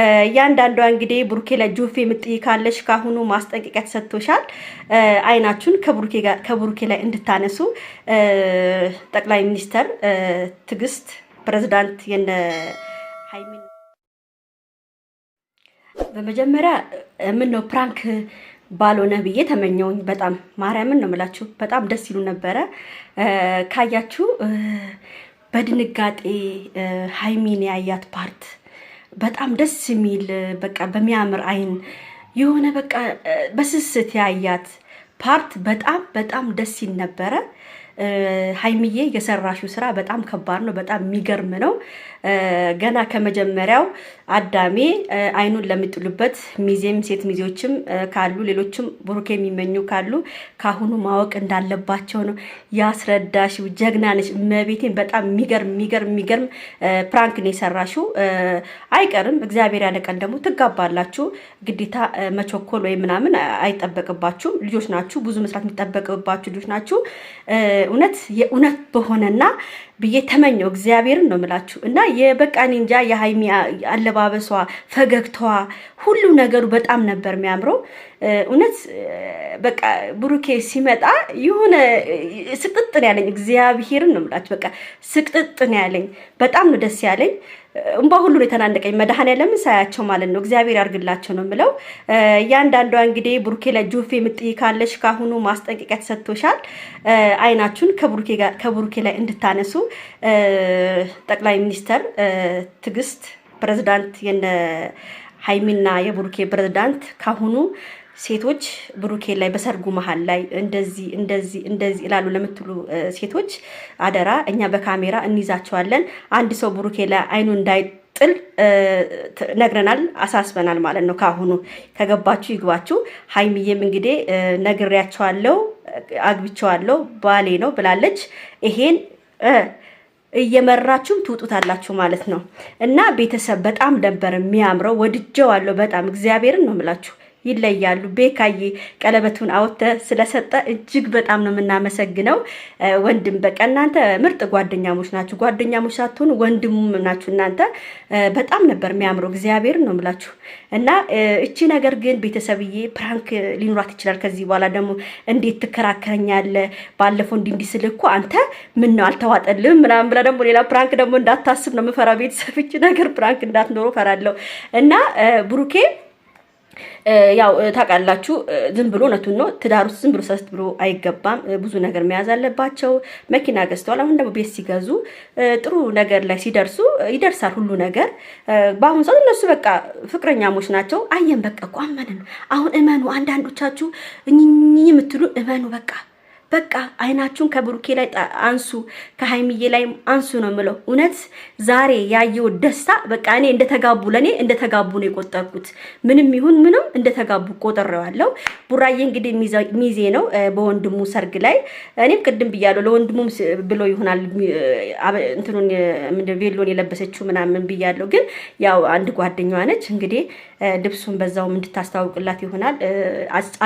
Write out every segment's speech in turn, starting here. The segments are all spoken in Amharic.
እያንዳንዷ እንግዲህ ብሩኬ ለጁፌ የምጥይ ካለሽ ካሁኑ ማስጠንቀቂያ ተሰጥቶሻል። አይናችሁን ከብሩኬ ላይ እንድታነሱ ጠቅላይ ሚኒስተር ትዕግስት ፕሬዝዳንት የነ ሀይሚን በመጀመሪያ ምን ነው ፕራንክ ባልሆነ ብዬ ተመኘውኝ። በጣም ማርያምን ነው የምላችሁ። በጣም ደስ ይሉ ነበረ። ካያችሁ በድንጋጤ ሀይሚን ያያት ፓርት በጣም ደስ የሚል በቃ በሚያምር አይን የሆነ በቃ በስስት ያያት ፓርት በጣም በጣም ደስ ይል ነበረ። ሀይሚዬ የሰራሽው ስራ በጣም ከባድ ነው። በጣም የሚገርም ነው። ገና ከመጀመሪያው አዳሜ አይኑን ለሚጥሉበት ሚዜም ሴት ሚዜዎችም ካሉ ሌሎችም ብሩክ የሚመኙ ካሉ ከአሁኑ ማወቅ እንዳለባቸው ነው ያስረዳሽው። ጀግና ነሽ መቤቴን። በጣም የሚገርም የሚገርም የሚገርም ፕራንክ ነው የሰራሽው። አይቀርም እግዚአብሔር ያለቀን ደግሞ ትጋባላችሁ። ግዴታ መቸኮል ወይም ምናምን አይጠበቅባችሁም። ልጆች ናችሁ። ብዙ መስራት የሚጠበቅባችሁ ልጆች ናችሁ። እውነት የእውነት በሆነና ብዬ ተመኘው እግዚአብሔርን ነው የምላችሁ። እና የበቃ እንጃ የሀይሚ አለባበሷ፣ ፈገግታዋ፣ ሁሉ ነገሩ በጣም ነበር የሚያምረው። እውነት በቃ ብሩኬ ሲመጣ የሆነ ስቅጥጥ ያለኝ። እግዚአብሔርን ነው የምላችሁ። በቃ ስቅጥጥን ያለኝ። በጣም ነው ደስ ያለኝ። እምባ ሁሉ ነው የተናነቀኝ። መድኃኔዓለምን ሳያቸው ማለት ነው እግዚአብሔር ያርግላቸው ነው የምለው። እያንዳንዷ እንግዲህ ብሩኬ ለጆፌ ምጥይ ካለሽ ካሁኑ ማስጠንቀቂያ ተሰጥቶሻል። አይናችሁን ከብሩኬ ላይ እንድታነሱ ጠቅላይ ሚኒስተር ትግስት ፕሬዚዳንት የነ ሀይሚና የብሩኬ ፕሬዚዳንት ካሁኑ ሴቶች ብሩኬ ላይ በሰርጉ መሀል ላይ እንደዚህ እንደዚህ እንደዚህ ይላሉ ለምትሉ ሴቶች አደራ፣ እኛ በካሜራ እንይዛቸዋለን። አንድ ሰው ብሩኬ ላይ አይኑ እንዳይጥል ነግረናል፣ አሳስበናል ማለት ነው። ከአሁኑ ከገባችሁ ይግባችሁ። ሀይሚዬም እንግዲህ ነግሬያቸዋለሁ፣ አግብቼዋለሁ፣ ባሌ ነው ብላለች። ይሄን እየመራችሁም ትውጡታላችሁ ማለት ነው። እና ቤተሰብ በጣም ነበር የሚያምረው፣ ወድጀዋለሁ በጣም እግዚአብሔርን ነው የምላችሁ። ይለያሉ። ቤካዬ ቀለበቱን አውተ ስለሰጠ እጅግ በጣም ነው የምናመሰግነው ወንድም። በቃ እናንተ ምርጥ ጓደኛሞች ናችሁ። ጓደኛሞች ሳትሆኑ ወንድም ናችሁ እናንተ። በጣም ነበር የሚያምረው። እግዚአብሔር ነው የምላችሁ እና እቺ ነገር ግን ቤተሰብዬ ፕራንክ ሊኖራት ይችላል። ከዚህ በኋላ ደግሞ እንዴት ትከራከረኛለህ? ባለፈው እንዲህ እንዲህ ስልህ እኮ አንተ ምን ነው አልተዋጠልም ምናምን ብለህ ደግሞ ሌላ ፕራንክ ደግሞ እንዳታስብ ነው የምፈራው። ቤተሰብ እቺ ነገር ፕራንክ እንዳትኖረው ፈራለሁ። እና ብሩኬ ያው ታውቃላችሁ፣ ዝም ብሎ እውነቱን ነው። ትዳር ውስጥ ዝም ብሎ ሰስት ብሎ አይገባም። ብዙ ነገር መያዝ አለባቸው። መኪና ገዝተዋል። አሁን ደግሞ ቤት ሲገዙ ጥሩ ነገር ላይ ሲደርሱ ይደርሳል ሁሉ ነገር። በአሁኑ ሰዓት እነሱ በቃ ፍቅረኛሞች ናቸው። አየን፣ በቃ እኮ አመንን። አሁን እመኑ፣ አንዳንዶቻችሁ የምትሉ እመኑ በቃ በቃ አይናችሁን ከብሩኬ ላይ አንሱ፣ ከሀይሚዬ ላይ አንሱ ነው የምለው። እውነት ዛሬ ያየው ደስታ በቃ እኔ እንደተጋቡ ለእኔ እንደተጋቡ ነው የቆጠርኩት። ምንም ይሁን ምንም እንደተጋቡ ቆጥሬዋለሁ። ቡራዬ እንግዲህ ሚዜ ነው በወንድሙ ሰርግ ላይ እኔም ቅድም ብያለሁ። ለወንድሙም ብሎ ይሆናል እንትኑን ቬሎን የለበሰችው ምናምን ብያለሁ። ግን ያው አንድ ጓደኛዋ ነች እንግዲህ ልብሱን በዛውም እንድታስተዋውቅላት ይሆናል።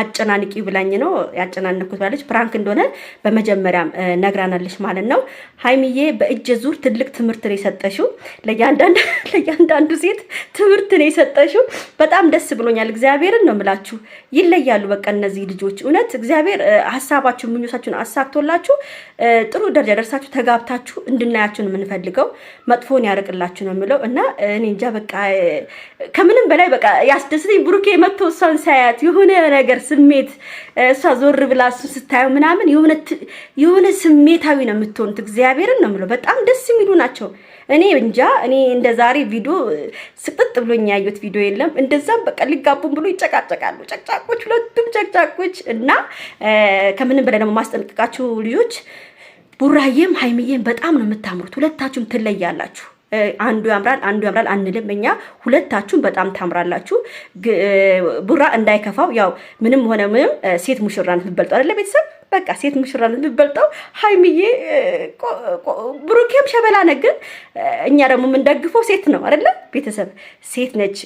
አጨናንቂ ብላኝ ነው ያጨናነኩት ባለች ፕራንክ እንደሆነ በመጀመሪያም ነግራናለች ማለት ነው። ሀይሚዬ በእጀ ዙር ትልቅ ትምህርት ነው የሰጠሽው። ለእያንዳንዱ ሴት ትምህርት ነው የሰጠሽው። በጣም ደስ ብሎኛል። እግዚአብሔርን ነው የምላችሁ። ይለያሉ በቃ እነዚህ ልጆች እውነት እግዚአብሔር ሀሳባችሁ ምኞታችሁን አሳክቶላችሁ ጥሩ ደረጃ ደርሳችሁ ተጋብታችሁ እንድናያችሁ ነው የምንፈልገው። መጥፎን ያርቅላችሁ ነው የምለው እና እኔ እንጃ በቃ ከምንም በላይ በቃ ያስደስተኝ ብሩኬ መጥቶ እሷን ሳያት የሆነ ነገር ስሜት እሷ ዞር ብላ እሱ ስታየው ምናምን የሆነ ስሜታዊ ነው የምትሆኑት። እግዚአብሔርን ነው የምለው። በጣም ደስ የሚሉ ናቸው። እኔ እንጃ እኔ እንደ ዛሬ ቪዲዮ ስቅጥ ብሎኝ ያየሁት ቪዲዮ የለም። እንደዛም በቃ ሊጋቡን ብሎ ይጨቃጨቃሉ። ጨቅጫቆች፣ ሁለቱም ጨቅጫቆች እና ከምንም በላይ ደግሞ ማስጠንቀቃችሁ ልጆች ቡራዬም ሀይምዬም በጣም ነው የምታምሩት። ሁለታችሁም ትለያላችሁ። አንዱ ያምራል አንዱ ያምራል አንልም። እኛ ሁለታችሁም በጣም ታምራላችሁ። ቡራ እንዳይከፋው ያው ምንም ሆነ ምንም ሴት ሙሽራ ናት የምትበልጠው አይደለ? ቤተሰብ በቃ ሴት ሙሽራ ናት የምትበልጠው። ሀይሚዬ ብሩኬም ሸበላ ነህ፣ ግን እኛ ደግሞ የምንደግፈው ሴት ነው አይደለ? ቤተሰብ ሴት ነች።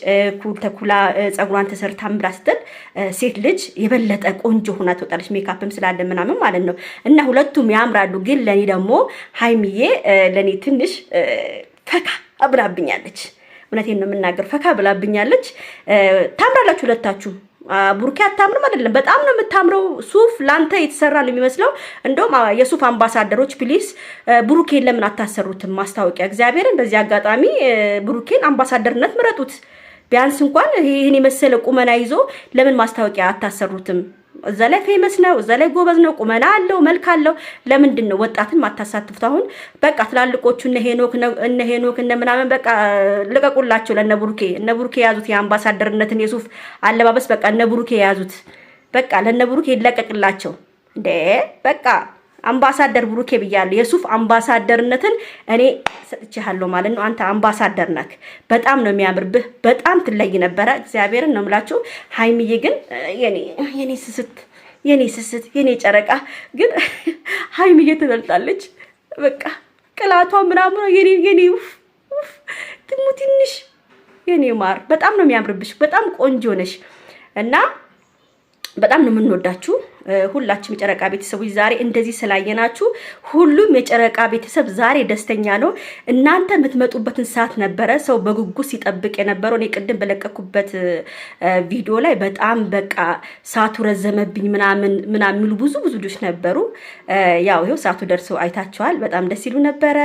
ኩል ተኩላ ጸጉሯን ተሰርታ ምራ ስትል ሴት ልጅ የበለጠ ቆንጆ ሆና ትወጣለች። ሜካፕም ስላለ ምናምን ማለት ነው። እና ሁለቱም ያምራሉ። ግን ለእኔ ደግሞ ሀይሚዬ ለእኔ ትንሽ ፈካ ብላብኛለች። እውነቴን ነው የምናገር፣ ፈካ ብላብኛለች። ታምራላችሁ ሁለታችሁ። ቡርኬ አታምርም አይደለም፣ በጣም ነው የምታምረው። ሱፍ ላንተ የተሰራ ነው የሚመስለው። እንደውም የሱፍ አምባሳደሮች ፕሊስ ብሩኬን ለምን አታሰሩትም ማስታወቂያ? እግዚአብሔርን በዚህ አጋጣሚ ቡሩኬን አምባሳደርነት ምረጡት ቢያንስ እንኳን ይህን የመሰለ ቁመና ይዞ ለምን ማስታወቂያ አታሰሩትም? እዛ ላይ ፌመስ ነው፣ እዛ ላይ ጎበዝ ነው፣ ቁመና አለው፣ መልክ አለው። ለምንድን ነው ወጣትን ማታሳትፉት? አሁን በቃ ትላልቆቹ እነ ሄኖክ እነ ሄኖክ እነ ምናምን በቃ ልቀቁላቸው ለእነ ቡሩኬ። እነ ቡሩኬ የያዙት የአምባሳደርነትን የሱፍ አለባበስ በቃ እነ ቡሩኬ የያዙት በቃ ለእነ ይለቀቅላቸው እንዴ በቃ አምባሳደር ብሩኬ ብያለሁ። የሱፍ አምባሳደርነትን እኔ ሰጥቼሃለሁ ማለት ነው። አንተ አምባሳደር ነክ። በጣም ነው የሚያምርብህ። በጣም ትለይ ነበረ። እግዚአብሔርን ነው የምላችሁ። ሀይሚዬ ግን የኔ ስስት የኔ ስስት የኔ ጨረቃ ግን ሀይሚዬ ትበልጣለች። በቃ ቅላቷ ምናምን የኔ የኔ ውፍ ትሙ ትንሽ የኔ ማር በጣም ነው የሚያምርብሽ። በጣም ቆንጆ ነሽ እና በጣም ነው የምንወዳችሁ። ሁላችሁም የጨረቃ ቤተሰቦች ዛሬ እንደዚህ ስላየናችሁ ሁሉም የጨረቃ ቤተሰብ ዛሬ ደስተኛ ነው። እናንተ የምትመጡበትን ሰዓት ነበረ ሰው በጉጉት ሲጠብቅ የነበረው። እኔ ቅድም በለቀኩበት ቪዲዮ ላይ በጣም በቃ ሰዓቱ ረዘመብኝ ምናምን ምናምን የሚሉ ብዙ ብዙ ልጆች ነበሩ። ያው ይኸው ሰዓቱ ደርሰው አይታቸዋል በጣም ደስ ይሉ ነበረ።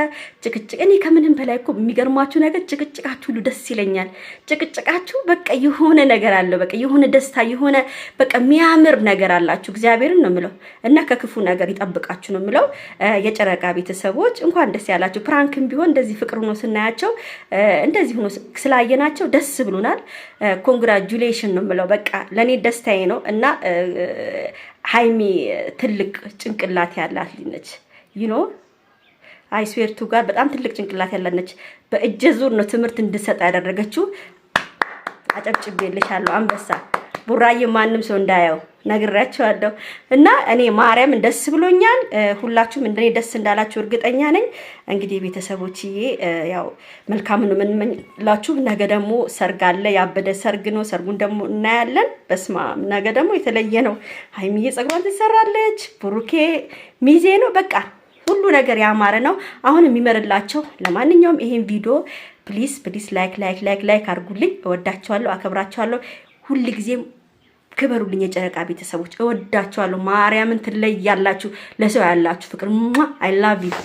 ጭቅጭቅ እኔ ከምንም በላይ እኮ የሚገርማችሁ ነገር ጭቅጭቃችሁ ሁሉ ደስ ይለኛል። ጭቅጭቃችሁ በቃ የሆነ ነገር አለው። በቃ የሆነ ደስታ የሆነ በቃ የሚያምር ነገር አላችሁ። እግዚአብሔርን ነው የምለው እና ከክፉ ነገር ይጠብቃችሁ ነው የምለው። የጨረቃ ቤተሰቦች እንኳን ደስ ያላችሁ። ፕራንክም ቢሆን እንደዚህ ፍቅር ሆኖ ስናያቸው እንደዚህ ሆኖ ስላየናቸው ደስ ብሎናል። ኮንግራጁሌሽን ነው የምለው። በቃ ለእኔ ደስታዬ ነው እና ሀይሚ ትልቅ ጭንቅላት ያላት ነች ይኖ አይስዌርቱ ጋር በጣም ትልቅ ጭንቅላት ያለነች በእጀ ዙር ነው ትምህርት እንድሰጥ ያደረገችው። አጨብጭቤልሻለሁ አንበሳ ቡራዬ ማንም ሰው እንዳያው ነግራቸዋለሁ እና እኔ ማርያምን ደስ ብሎኛል። ሁላችሁም እንደኔ ደስ እንዳላችሁ እርግጠኛ ነኝ። እንግዲህ ቤተሰቦችዬ ያው መልካምን የምንመኝላችሁ። ነገ ደግሞ ሰርግ አለ፣ ያበደ ሰርግ ነው። ሰርጉን ደግሞ እናያለን። በስማ ነገ ደግሞ የተለየ ነው። ሀይሚዬ ጸጉሯን ትሰራለች፣ ብሩኬ ሚዜ ነው። በቃ ሁሉ ነገር ያማረ ነው። አሁን የሚመርላቸው ለማንኛውም ይሄን ቪዲዮ ፕሊስ ፕሊስ ላይክ ላይክ ላይክ ላይክ አድርጉልኝ። እወዳቸዋለሁ፣ አከብራቸዋለሁ ሁልጊዜም ክበሩልኝ የጨረቃ ቤተሰቦች፣ እወዳችኋለሁ። ማርያምን ያላችሁ ለሰው ያላችሁ ፍቅር አይ ላቭ ዩ